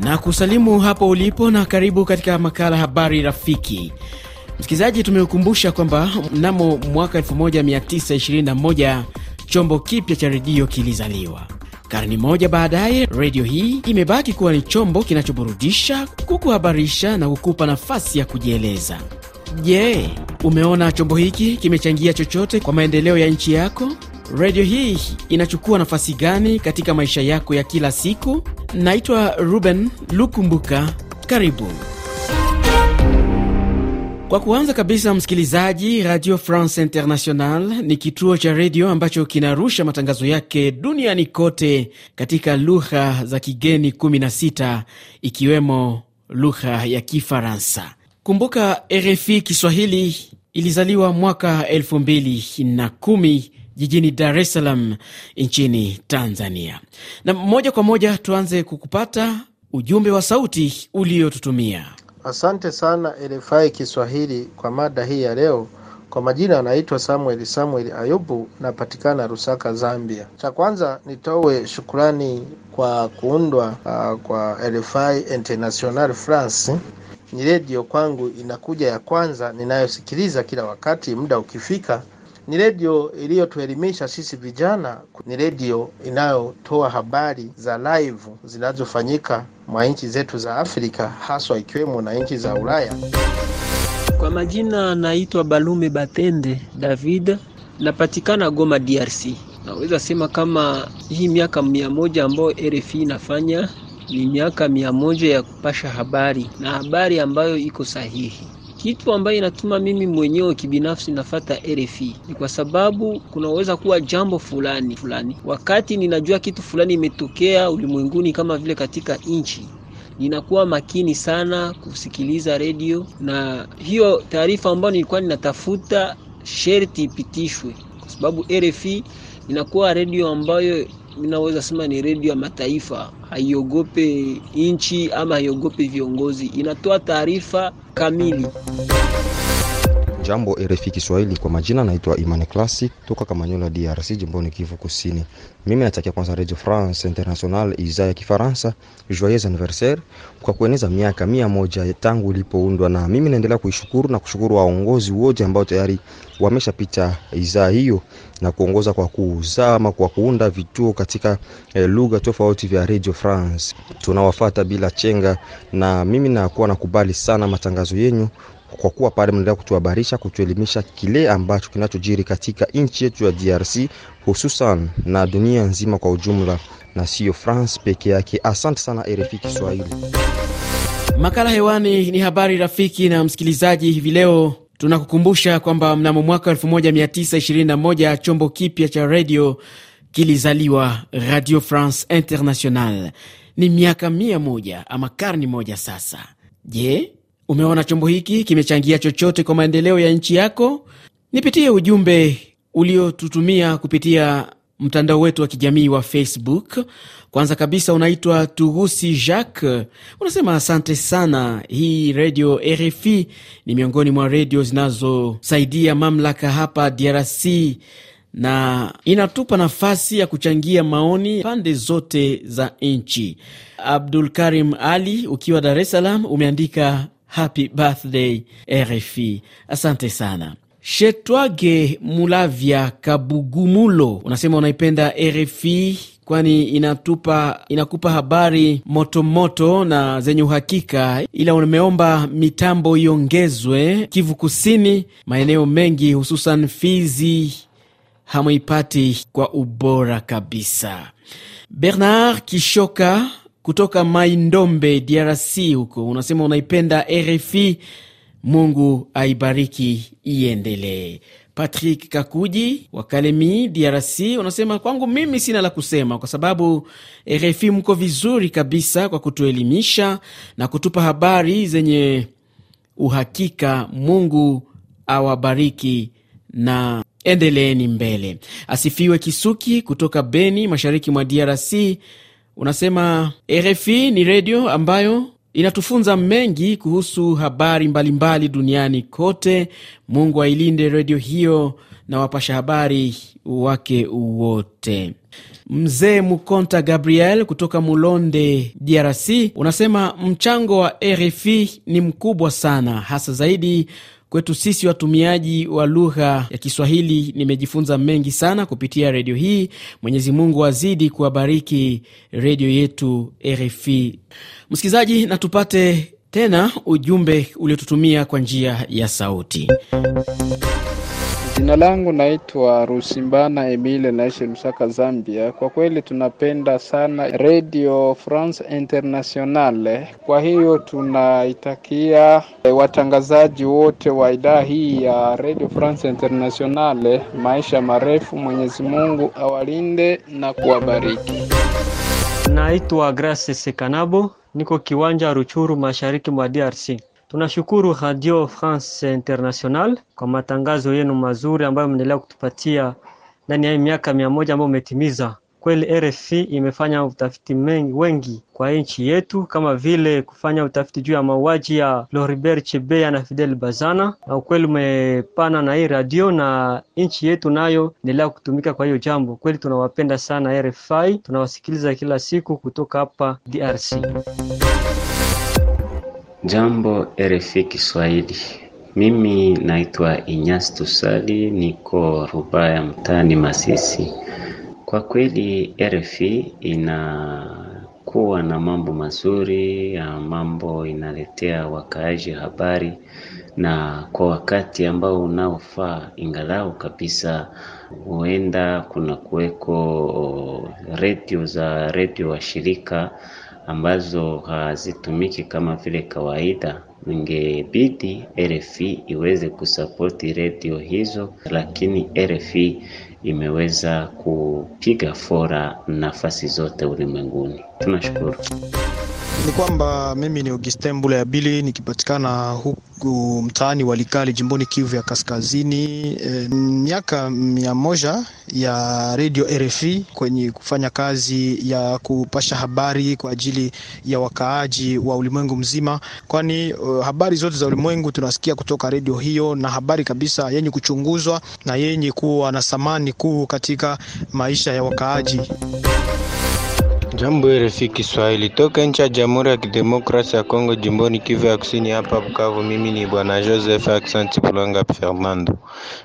na kusalimu hapo ulipo na karibu katika makala Habari Rafiki. Msikilizaji, tumekumbusha kwamba mnamo mwaka 1921 chombo kipya cha redio kilizaliwa. karni moja baadaye, redio hii imebaki kuwa ni chombo kinachoburudisha, kukuhabarisha na kukupa nafasi ya kujieleza. Je, yeah, umeona chombo hiki kimechangia chochote kwa maendeleo ya nchi yako? redio hii inachukua nafasi gani katika maisha yako ya kila siku? Naitwa Ruben Lukumbuka, karibu. Kwa kuanza kabisa, msikilizaji, Radio France International ni kituo cha redio ambacho kinarusha matangazo yake duniani kote katika lugha za kigeni 16 ikiwemo lugha ya Kifaransa. Kumbuka, RFI Kiswahili ilizaliwa mwaka 2010 jijini Dar es Salaam nchini Tanzania. Na moja kwa moja tuanze kukupata ujumbe wa sauti uliotutumia. Asante sana RFI Kiswahili kwa mada hii ya leo. Kwa majina anaitwa Samuel Samuel Ayubu, napatikana rusaka Zambia. Cha kwanza nitoe shukurani kwa kuundwa uh, kwa RFI International France. Ni redio kwangu inakuja ya kwanza ninayosikiliza kila wakati, muda ukifika ni redio iliyotuelimisha sisi vijana, ni redio inayotoa habari za live zinazofanyika mwa nchi zetu za Afrika haswa ikiwemo na nchi za Ulaya. Kwa majina naitwa Balume Batende David, napatikana Goma, DRC. Naweza sema kama hii miaka mia moja ambayo RFI inafanya ni miaka mia moja ya kupasha habari na habari ambayo iko sahihi. Kitu ambayo inatuma mimi mwenyewe kibinafsi nafata RFI ni kwa sababu kunaweza kuwa jambo fulani fulani, wakati ninajua kitu fulani imetokea ulimwenguni kama vile katika nchi ninakuwa makini sana kusikiliza redio, na hiyo taarifa ambayo nilikuwa ninatafuta sherti ipitishwe sababu RFI inakuwa redio ambayo inaweza sema ni redio ya mataifa, haiogope nchi ama haiogope viongozi, inatoa taarifa kamili. Jambo RFI Kiswahili, kwa majina naitwa Imani Classic toka Kamanyola, DRC, jimboni Kivu Kusini. Mimi natakia kwanza Radio France International idhaa ya Kifaransa joyeux anniversaire kwa kueneza miaka mia moja tangu ilipoundwa, na mimi naendelea kuishukuru na kushukuru waongozi wote ambao tayari wameshapita idhaa hiyo na kuongoza kwa kuzama kwa kuunda vituo katika e, lugha tofauti vya Radio France. Tunawafata bila chenga, na mimi nakuwa nakubali sana matangazo yenyu kwa kuwa pale mnaendelea kutuhabarisha, kutuelimisha kile ambacho kinachojiri katika nchi yetu ya DRC hususan na dunia nzima kwa ujumla na sio France peke yake. Asante sana RFI Kiswahili. Makala hewani ni habari rafiki na msikilizaji. Hivi leo tunakukumbusha kwamba mnamo mwaka 1921 chombo kipya cha redio kilizaliwa, Radio France International. Ni miaka mia moja ama karni moja sasa. Je, Umeona chombo hiki kimechangia chochote kwa maendeleo ya nchi yako? Nipitie ujumbe uliotutumia kupitia mtandao wetu wa kijamii wa Facebook. Kwanza kabisa unaitwa Tugusi Jacques, unasema asante sana. Hii redio RFI ni miongoni mwa redio zinazosaidia mamlaka hapa DRC na inatupa nafasi ya kuchangia maoni pande zote za nchi. Abdul Karim Ali ukiwa Dar es Salaam umeandika Happy birthday RFI. Asante sana. Shetwage Mulavya Kabugumulo unasema unaipenda RFI kwani inatupa inakupa habari motomoto moto na zenye uhakika, ila umeomba mitambo iongezwe Kivu Kusini, maeneo mengi hususan Fizi hamwipati kwa ubora kabisa. Bernard Kishoka kutoka Maindombe, DRC huko, unasema unaipenda RFI. Mungu aibariki iendelee. Patrick Kakuji wa Kalemi, DRC, unasema kwangu mimi sina la kusema kwa sababu RFI mko vizuri kabisa kwa kutuelimisha na kutupa habari zenye uhakika. Mungu awabariki na endeleeni mbele. Asifiwe Kisuki kutoka Beni, mashariki mwa DRC Unasema RFI ni redio ambayo inatufunza mengi kuhusu habari mbalimbali mbali duniani kote. Mungu ailinde redio hiyo na wapasha habari wake wote. Mzee Mukonta Gabriel kutoka Mulonde, DRC, unasema mchango wa RFI ni mkubwa sana, hasa zaidi Kwetu sisi watumiaji wa lugha ya Kiswahili, nimejifunza mengi sana kupitia redio hii. Mwenyezi Mungu azidi kuwabariki redio yetu RFI. Msikilizaji, na tupate tena ujumbe uliotutumia kwa njia ya sauti. Jina langu naitwa Rusimbana Emile, naishi Lusaka, Zambia. Kwa kweli tunapenda sana Radio France Internationale, kwa hiyo tunaitakia eh, watangazaji wote wa idhaa hii ya Radio France Internationale maisha marefu. Mwenyezi Mungu awalinde na kuwabariki. Naitwa Grace Sekanabo, niko kiwanja Ruchuru, mashariki mwa DRC. Tunashukuru Radio France International kwa matangazo yenu mazuri ambayo mnaendelea kutupatia ndani ya miaka mia moja ambayo umetimiza. Kweli RFI imefanya utafiti mengi wengi kwa nchi yetu, kama vile kufanya utafiti juu ya mauaji ya Floribert Chebeya na Fidel Bazana, na ukweli umepana na hii radio na nchi yetu nayo endelea kutumika kwa hiyo jambo. Kweli tunawapenda sana RFI, tunawasikiliza kila siku kutoka hapa DRC. Jambo RFI Kiswahili, mimi naitwa inyas Tusali, niko Rubaya, mtaani Masisi. Kwa kweli RFI inakuwa na mambo mazuri ya mambo, inaletea wakaaji habari na kwa wakati ambao unaofaa. Ingalau kabisa huenda kuna kuweko redio za redio washirika ambazo hazitumiki kama vile kawaida, ingebidi RFI iweze kusapoti redio hizo, lakini RFI imeweza kupiga fora nafasi zote ulimwenguni. Tunashukuru. Ni kwamba mimi ni Augustin Mbula ya Bili, nikipatikana huku mtaani Walikali, jimboni Kivu ya Kaskazini. E, miaka mia moja ya Radio RFI kwenye kufanya kazi ya kupasha habari kwa ajili ya wakaaji wa ulimwengu mzima, kwani uh, habari zote za ulimwengu tunasikia kutoka redio hiyo, na habari kabisa yenye kuchunguzwa na yenye kuwa na thamani kuu katika maisha ya wakaaji. Jambo RFI Kiswahili toka nchi ya Jamhuri ya Kidemokrasia ya Kongo, jimboni Kivu ya Kusini, hapa Bukavu. Mimi ni bwana Joseph Accent Bulanga Fernando.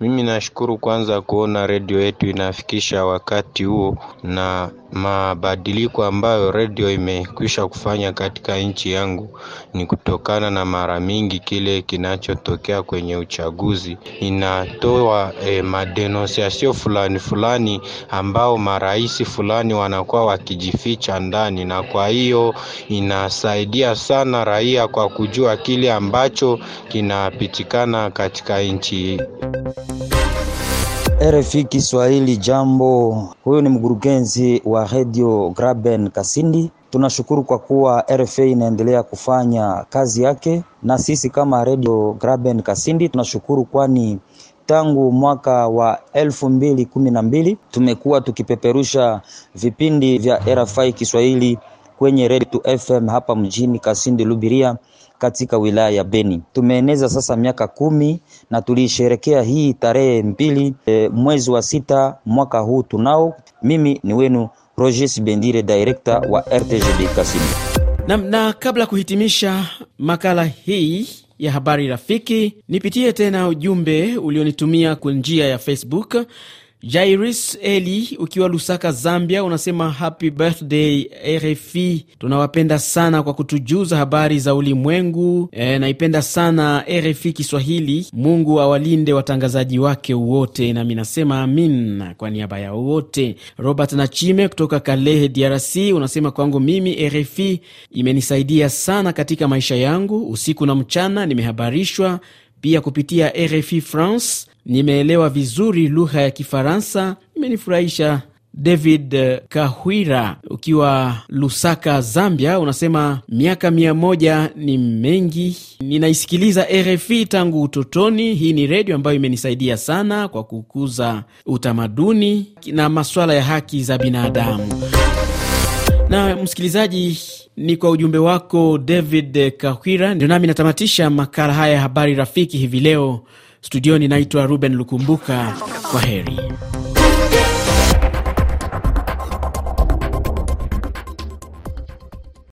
Mimi nashukuru kwanza kuona redio yetu inafikisha wakati huo na mabadiliko ambayo redio imekwisha kufanya katika nchi yangu ni kutokana na mara mingi kile kinachotokea kwenye uchaguzi, inatoa eh, madenonsiasio fulani fulani ambao marais fulani wanakuwa wakijifia kujificha ndani, na kwa hiyo inasaidia sana raia kwa kujua kile ambacho kinapitikana katika nchi. RFI Kiswahili, jambo. Huyu ni mkurugenzi wa Radio Graben Kasindi. Tunashukuru kwa kuwa RFA inaendelea kufanya kazi yake, na sisi kama Radio Graben Kasindi tunashukuru kwani Tangu mwaka wa elfu mbili kumi na mbili tumekuwa tukipeperusha vipindi vya RFI Kiswahili kwenye to FM hapa mjini Kasindi Lubiria katika wilaya ya Beni. Tumeeneza sasa miaka kumi na tuliisherekea hii tarehe mbili e, mwezi wa sita mwaka huu tunao. Mimi ni wenu Roger Sibendire, director wa RTGB Kasindi. Na, na kabla kuhitimisha makala hii ya habari rafiki, nipitie tena ujumbe ulionitumia kwa njia ya Facebook. Jairis Eli ukiwa Lusaka, Zambia, unasema happy birthday RFI, tunawapenda sana kwa kutujuza habari za ulimwengu. E, naipenda sana RFI Kiswahili. Mungu awalinde watangazaji wake wote, nami nasema amin kwa niaba ya wote. Robert Nachime kutoka Kalehe, DRC, unasema kwangu mimi RFI imenisaidia sana katika maisha yangu, usiku na mchana nimehabarishwa pia kupitia RFI France nimeelewa vizuri lugha ya Kifaransa, imenifurahisha. David eh, Kahwira ukiwa Lusaka, Zambia, unasema miaka mia moja ni mengi. Ninaisikiliza RFI tangu utotoni. Hii ni redio ambayo imenisaidia sana kwa kukuza utamaduni na maswala ya haki za binadamu. Na msikilizaji, ni kwa ujumbe wako David Kahwira, ndio nami natamatisha makala haya ya habari rafiki hivi leo. Studioni naitwa Ruben Lukumbuka, kwa heri.